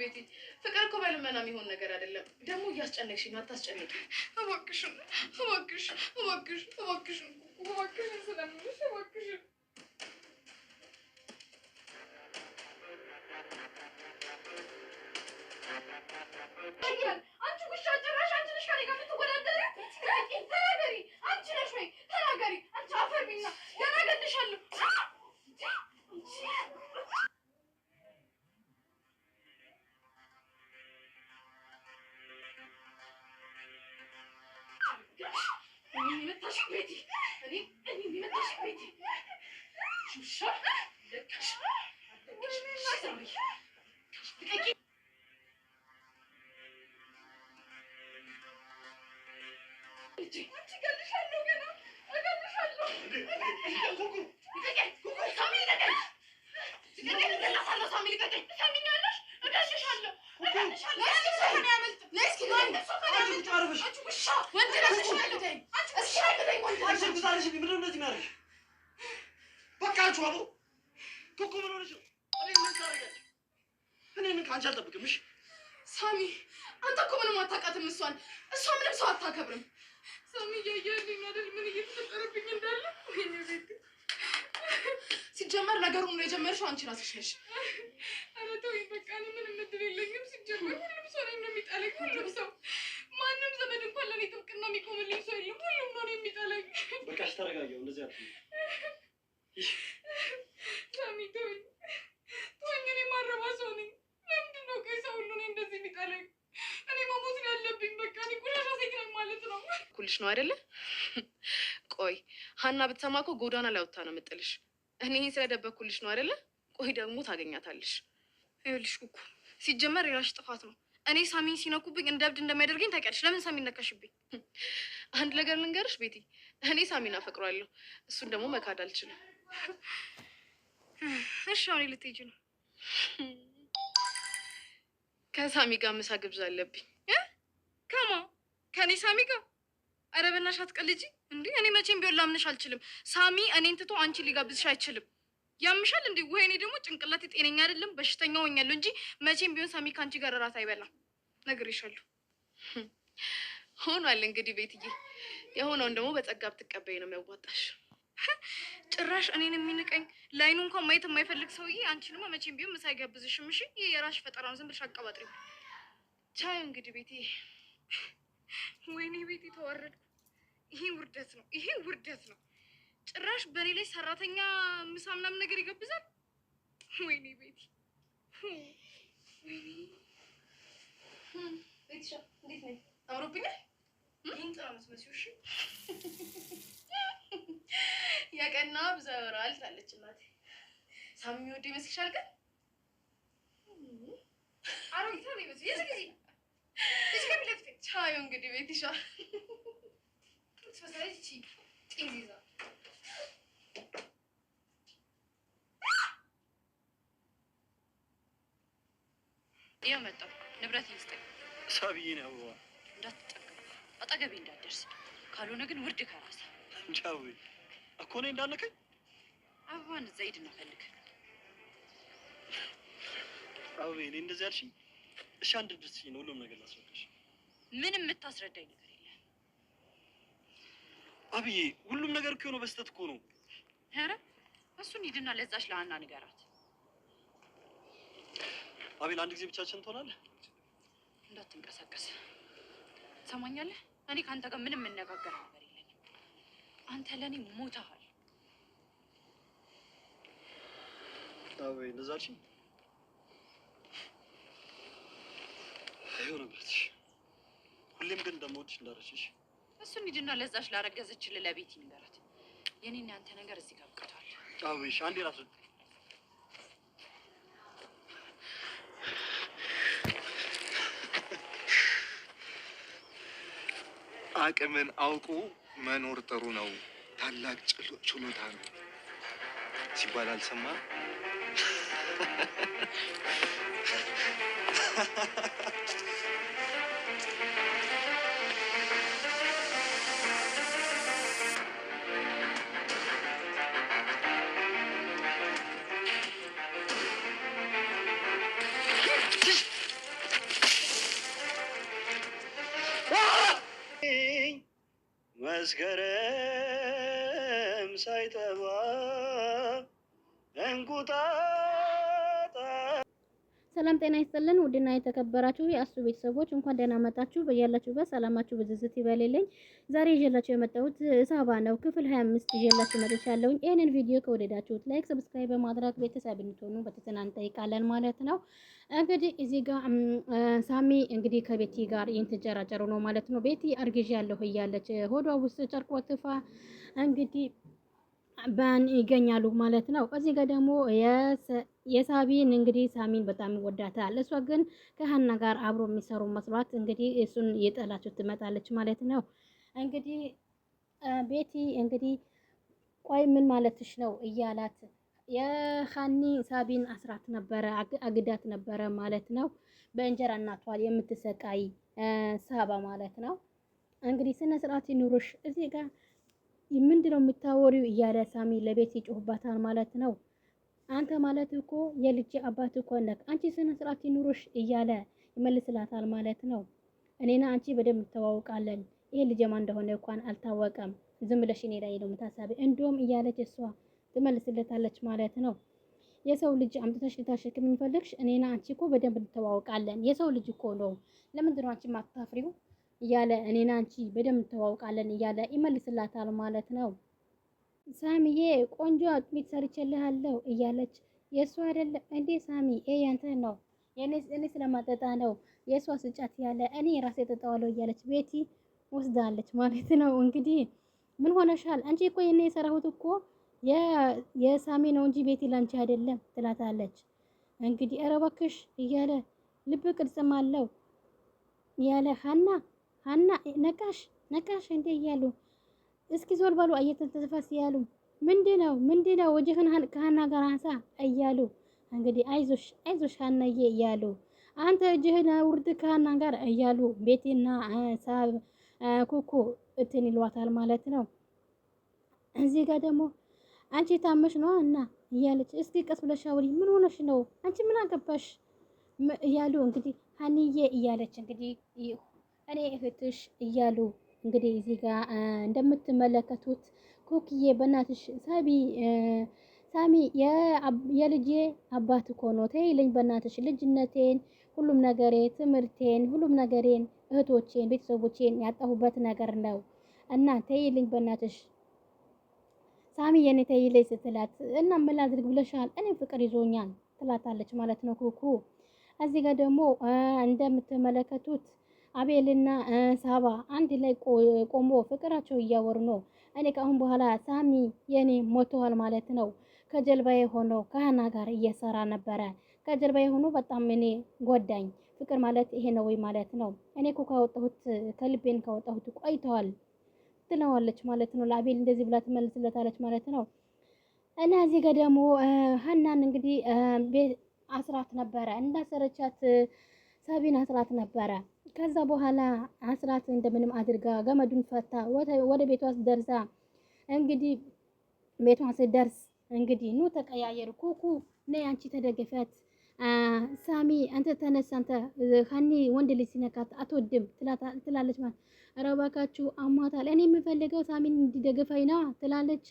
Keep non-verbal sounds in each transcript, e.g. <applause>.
ቤቲ፣ ፍቅር እኮ በልመና የሚሆን ነገር አይደለም። ደግሞ እያስጨነቅሽኝ፣ አታስጨንቂ እባክሽን፣ እባክሽ፣ እባክሽ፣ እባክሽን፣ እባክሽን ስለምልሽ እባክሽን ውሻ ወንድ ነሽ፣ ውሻ ወንድ ነሽ። ከአንቺ አልጠብቅም። እሺ ሳሚ፣ አንተ እኮ ምንም እሷ ምንም ሰው አታከብርም። ሳሚ እያየህልኝ ሲጀመር ነገሩን ነው የጀመርሽው አንቺ ራስሽ ነሽ። ኧረ ተወኝ በቃ፣ እኔ ምንም እድል የለኝም። ሲጀመር ሁሉም ሰው ነው የሚጣለኝ። ሁሉም ሰው ማንም ዘመድ እንኳን ለእኔ ጥብቅና የሚቆምልኝ ሰው የለም። ሁሉም ነው ተረጋጊው። እንደዚህ አትሁን። እኔ ማረባ ሰው ነኝ። ለምንድን ነው ግን ሰው ሁሉ እኔ እንደዚህ የሚጠላኝ? እኔ መሞት ነው ያለብኝ። በቃ እኔ ጉዳሻ ሴት ነኝ ማለት ነው። ኩልሽ ነው አይደለ? ቆይ ሀና ብትሰማ እኮ ጎዳና ላይ አውጥታ ነው የምጥልሽ። እኔ ይሄን ስለደበኩልሽ ነው አይደለ? ቆይ ደግሞ ታገኛታለሽ። ይኸውልሽ ኩኩ፣ ሲጀመር የራሽ ጥፋት ነው። እኔ ሳሚን ሲነኩብኝ እንደ እብድ እንደሚያደርገኝ ታውቂያለሽ። ለምን ሳሚን ነካሽብኝ? አንድ ነገር ልንገርሽ ቤቴ እኔ ሳሚን አፈቅሯለሁ። እሱን ደግሞ መካድ አልችልም። እሺ አሁን ልትሄጂ ነው? ከሳሚ ጋር ምሳ ግብዣ አለብኝ። ከማ ከእኔ ሳሚ ጋር ኧረ በእናትሽ አትቀልጂ እንዴ! እኔ መቼም ቢሆን ላምንሽ አልችልም። ሳሚ እኔን ትቶ አንቺ ሊጋብዝሽ አይችልም። ያምሻል እንዴ? ወይ እኔ ደግሞ ጭንቅላቴ ጤነኛ አይደለም፣ በሽተኛ ሆኛለሁ እንጂ መቼም ቢሆን ሳሚ ከአንቺ ጋር እራት አይበላም። ነግሬሻለሁ። ሆኗል እንግዲህ ቤትዬ፣ የሆነውን ደግሞ በጸጋብ ትቀበይ ነው የሚያዋጣሽ። ጭራሽ እኔን የሚንቀኝ ላይኑ እንኳን ማየት የማይፈልግ ሰውዬ፣ አንቺንማ መቼም ቢሆን ምሳ አይጋብዝሽም። እሺ፣ ይህ የራስሽ ፈጠራ ነው። ዝም ብለሽ አቀባጥሪ። ቻዩ እንግዲህ ቤቴ። ወይኔ ቤቴ ተዋረድኩ። ይሄ ውርደት ነው፣ ይሄ ውርደት ነው። ጭራሽ በእኔ ላይ ሰራተኛ ምሳ ምናምን ነገር ይጋብዛል። ወይኔ ቤቴ፣ ቤትሻ፣ እንዴት ነሽ? አምሮብኛል ነው የምትመስዩ። ሺ የቀና ብዙ ያወራል ታለች እናቴ። ሳሚ የሚወደው ይመስልሻል? ግን ቻዩ እንግዲህ ቤት ይሻል ይኸው መጣሁ። ንብረት ይስጠኝ ሳብዬ ነው እንዳትጠ አጠገቤ እንዳትደርስ፣ ካልሆነ ግን ውርድ ከራስ እንጃዊ እኮ እኔ እንዳልከኝ አበባን ዘይድ እንፈልግ እናፈልግ። እኔ እንደዚህ ያልሽኝ እሺ፣ አንድ ድርስ ነው ሁሉም ነገር ላስረዳሽ። ምንም የምታስረዳኝ ነገር የለም አብዬ፣ ሁሉም ነገር እኮ ነው በስተት እኮ ነው። ኧረ እሱን ሂድና ለዛች ለአና ንገራት። አቤል አንድ ጊዜ ብቻችን ትሆናለህ። እንዳትንቀሳቀስ ሰማኛለህ። እኔ ከአንተ ጋር ምንም የምነጋገር ነገር የለኝም። አንተ ለእኔ ሞተሃል። አቤ ለዛች ይሁን ብለትሽ ሁሌም ግን እንደምወድሽ እንዳረችሽ እሱ እንሂድና ለዛች ላረገዘች ለቤቲ ንገራት። የኔና አንተ ነገር እዚህ ጋር አብቅቷል። አቤሽ አንዴ ራስ አቅምን አውቁ መኖር ጥሩ ነው፣ ታላቅ ችሎታ ነው ሲባል አልሰማ። <laughs> መስገረም ሳይጠባ እንቁጣ ሰላም ጤና ይስጥልን። ውድና የተከበራችሁ የአሱ ቤተሰቦች እንኳን ደህና መጣችሁ። በያላችሁበት ሰላማችሁ ብዝዝት ይበልልኝ። ዛሬ ይዤላችሁ የመጣሁት ሳባ ነው፣ ክፍል 25 ይዤላችሁ መጥቻለሁኝ። ይህንን ቪዲዮ ከወደዳችሁት ላይክ፣ ሰብስክራይብ በማድረግ ቤተሰብ እንድትሆኑ በትህትና እንጠይቃለን ማለት ነው። እንግዲህ እዚህ ጋር ሳሚ እንግዲህ ከቤቲ ጋር እየተንጨራጨሩ ነው ማለት ነው። ቤቲ አርግዣለሁ እያለች ሆዷ ውስጥ ጨርቆ ትፋ እንግዲህ በን ይገኛሉ ማለት ነው። እዚህ ጋር ደግሞ የሳቢን እንግዲህ ሳሚን በጣም ይወዳታል። እሷ ግን ከሀና ጋር አብሮ የሚሰሩ መስሏት እንግዲህ እሱን እየጠላችሁ ትመጣለች ማለት ነው። እንግዲህ ቤቲ እንግዲህ ቆይ ምን ማለትሽ ነው እያላት የሀኒ ሳቢን አስራት ነበረ አግዳት ነበረ ማለት ነው። በእንጀራ እናቷ የምትሰቃይ ሳባ ማለት ነው። እንግዲህ ስነ ስርዓት ይኑርሽ እዚህ ጋር ምንድነው የምታወሪው እያለ ሳሚ ለቤት ይጮህባታል ማለት ነው። አንተ ማለት እኮ የልጅ አባት እኮ ነክ አንቺ ስነ ስርዓት ይኑሮሽ እያለ ይመልስላታል ማለት ነው። እኔና አንቺ በደንብ እንተዋውቃለን። ይሄ ልጅ ማን እንደሆነ እንኳን አልታወቀም። ዝም ብለሽ እኔ ላይ ነው የምታሳቢ እንዲሁም እያለች እሷ ትመልስለታለች ማለት ነው። የሰው ልጅ አምጥተሽ ልታሸክም የሚፈልግሽ እኔና አንቺ እኮ በደንብ እንተዋውቃለን። የሰው ልጅ እኮ ነው። ለምንድን ነው አንቺ ማታፍሪው? እያለ እኔና አንቺ በደንብ እንተዋውቃለን እያለ ይመልስላታል ማለት ነው። ሳሚዬ ቆንጆ አጥሚት ሰርቼልሃለሁ እያለች የእሱ አይደለም እንዴ ሳሚ ይሄ ያንተ ነው እኔ ስለማጠጣ ነው የእሷ ስጫት ያለ እኔ ራሴ ጠጣዋለሁ እያለች ቤቲ ወስዳለች ማለት ነው። እንግዲህ ምን ሆነሻል አንቺ እኮ የኔ የሰራሁት እኮ የሳሚ ነው እንጂ ቤቲ ላንቺ አይደለም ትላታለች። እንግዲህ ኧረ እባክሽ እያለ ልብ ቅርጽም አለው ያለ ሀና ሀና ነቃሽ ነቃሽ እንዴ እያሉ እስኪ ዞር በሉ እየተንተፈስ እያሉ ምንድን ነው ምንድን ነው ወጀህን ከሀና ጋር አንሳ እያሉ እንግዲህ አይዞሽ አይዞሽ ሀናዬ እያሉ አንተ እጅህን ውርድ ከሀና ጋር እያሉ ቤቲና ሳብ ኩኩ እትን ይሏታል ማለት ነው። እዚህ ጋር ደግሞ አንቺ ታመሽ ነው እና እያለች እስኪ ቀስ ብለሽ አውሪ፣ ምን ሆነሽ ነው አንቺ ምን አገባሽ እያሉ እንግዲህ ሀኒዬ እያለች እንግዲህ እኔ እህትሽ እያሉ እንግዲህ እዚህ ጋር እንደምትመለከቱት ኮክዬ በእናትሽ ሳቢ ሳሚ የልጄ አባት እኮ ነው። ተይልኝ በእናትሽ ልጅነቴን፣ ሁሉም ነገሬ፣ ትምህርቴን፣ ሁሉም ነገሬን፣ እህቶቼን፣ ቤተሰቦቼን ያጣሁበት ነገር ነው እና ተይልኝ በእናትሽ ሳሚ የኔ ተይ ስትላት እና ምን ላድርግ ብለሻል? እኔ ፍቅር ይዞኛል ትላታለች ማለት ነው ኩኩ። እዚህ ጋር ደግሞ እንደምትመለከቱት አቤልና ሳባ አንድ ላይ ቆሞ ፍቅራቸው እያወሩ ነው። እኔ ከአሁን በኋላ ሳሚ የኔ ሞተዋል ማለት ነው። ከጀልባ የሆነው ከሀና ጋር እየሰራ ነበረ። ከጀልባ የሆኑ በጣም እኔ ጎዳኝ። ፍቅር ማለት ይሄ ነው ወይ ማለት ነው። እኔ እኮ ካወጣሁት ከልቤን ካወጣሁት ቆይተዋል ትለዋለች ማለት ነው። ለአቤል እንደዚህ ብላ ትመልስለታለች ማለት ነው። እና እዚህ ጋር ደግሞ ሀናን እንግዲህ ቤት አስራት ነበረ እንዳሰረቻት ሳቢን አስራት ነበረ። ከዛ በኋላ አስራት እንደምንም አድርጋ ገመዱን ፈታ ወደ ቤቷ ደርሳ እንግዲህ ቤቷ ስደርስ እንግዲህ ኑ ተቀያየር ኩኩ ነ አንቺ ተደገፈት፣ ሳሚ አንተ ተነሳ አንተ ከኒ ወንድ ልጅ ሲነካት አትወድም ትላለች። ማለት ኧረ እባካችሁ አሟታል፣ እኔ የምፈልገው ሳሚን እንዲደግፈኝ ነዋ ትላለች።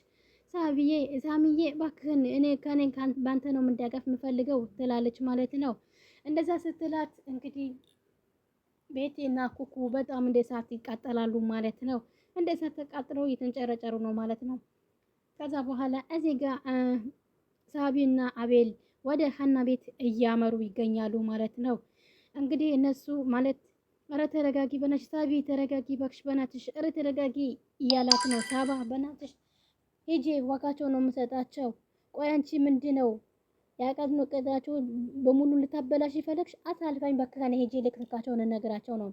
ሳቢዬ ሳሚዬ እባክህን እኔ ከኔ ባንተ ነው የምደገፍ የምፈልገው ትላለች ማለት ነው። እንደዛ ስትላት እንግዲህ ቤቴና ኩኩ በጣም እንደ እሳት ይቃጠላሉ ማለት ነው። እንደ እሳት ተቃጥለው እየተንጨረጨሩ ነው ማለት ነው። ከዛ በኋላ እዚህ ጋር ሳቢና አቤል ወደ ሀና ቤት እያመሩ ይገኛሉ ማለት ነው። እንግዲህ እነሱ ማለት ኧረ ተረጋጊ በናትሽ ሳቢ፣ ተረጋጊ በክሽ በናትሽ፣ ኧረ ተረጋጊ እያላት ነው። ሳባ በናትሽ ሄጄ ዋጋቸው ነው የምሰጣቸው። ቆይ አንቺ ምንድን ነው ያቀት ነው ቀዳቸው በሙሉ ልታበላሽ ይፈልግሽ አሳልፋኝ በከታነ ሄጄ ልክርካቸው ነገራቸው ነው።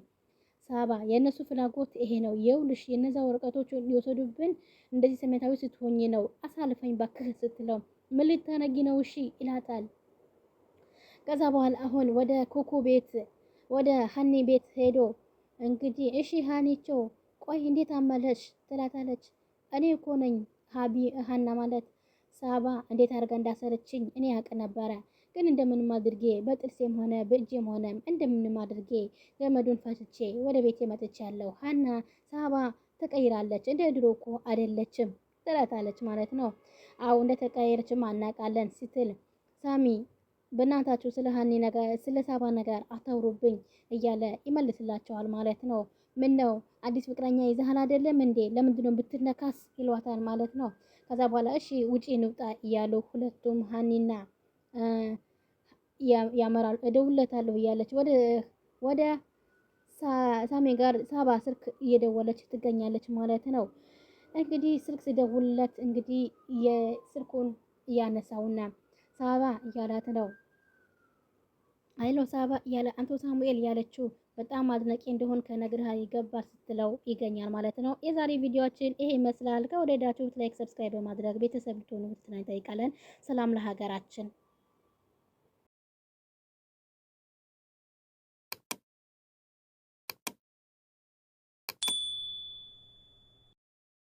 ሳባ የእነሱ ፍላጎት ይሄ ነው። የውልሽ የነዛ ወረቀቶች ሊወሰዱብን እንደዚህ ስሜታዊ ስትሆኝ ነው። አሳልፋኝ ባክህ ስትለው ምን ልታነጊ ነው? እሺ ይላታል። ከዛ በኋላ አሁን ወደ ኩኩ ቤት ወደ ሀኒ ቤት ሄዶ እንግዲህ እሺ ሀኒቸው ቆይ እንዴት አመለሽ ትላታለች። እኔ እኮ ነኝ ሀቢ ሀና ማለት ሳባ እንዴት አድርጋ እንዳሰረችኝ እኔ ያውቅ ነበረ። ግን እንደምንም አድርጌ በጥርሴም ሆነ በእጄም ሆነ እንደምንም አድርጌ ገመዱን ፈትቼ ወደ ቤቴ መጥቻለሁ። ሀና ሳባ ተቀይራለች፣ እንደ ድሮ እኮ አይደለችም ትላታለች ማለት ነው። እንደ እንደተቀየረችም አናቃለን ስትል ሳሚ በእናታችሁ ስለ ሀኒ ነገር ስለ ሳባ ነገር አታውሩብኝ እያለ ይመልስላቸዋል ማለት ነው። ምን ነው አዲስ ፍቅረኛ ይዘሃል አይደለም እንዴ? ለምንድነው ነው ብትነካስ? ይሏታል ማለት ነው። ከዛ በኋላ እሺ ውጪ ንውጣ እያሉ ሁለቱም ሀኒና ያመራሉ። እደውልለታለሁ እያለች ወደ ወደ ሳሜ ጋር ሳባ ስልክ እየደወለች ትገኛለች ማለት ነው። እንግዲህ ስልክ ሲደውልለት እንግዲህ የስልኩን እያነሳውና ሳባ እያላት ነው አይሎ ሳባ ያለ አንቶ ሳሙኤል ያለችው በጣም አድናቂ እንደሆን ከነግርሃ ይገባል ስትለው ይገኛል ማለት ነው። የዛሬ ቪዲዮችን ይሄ ይመስላል። ከወደዳችሁት ላይክ፣ ሰብስክራይብ በማድረግ ቤተሰብ ልትሆኑ ትናንት ሰላም ለሀገራችን።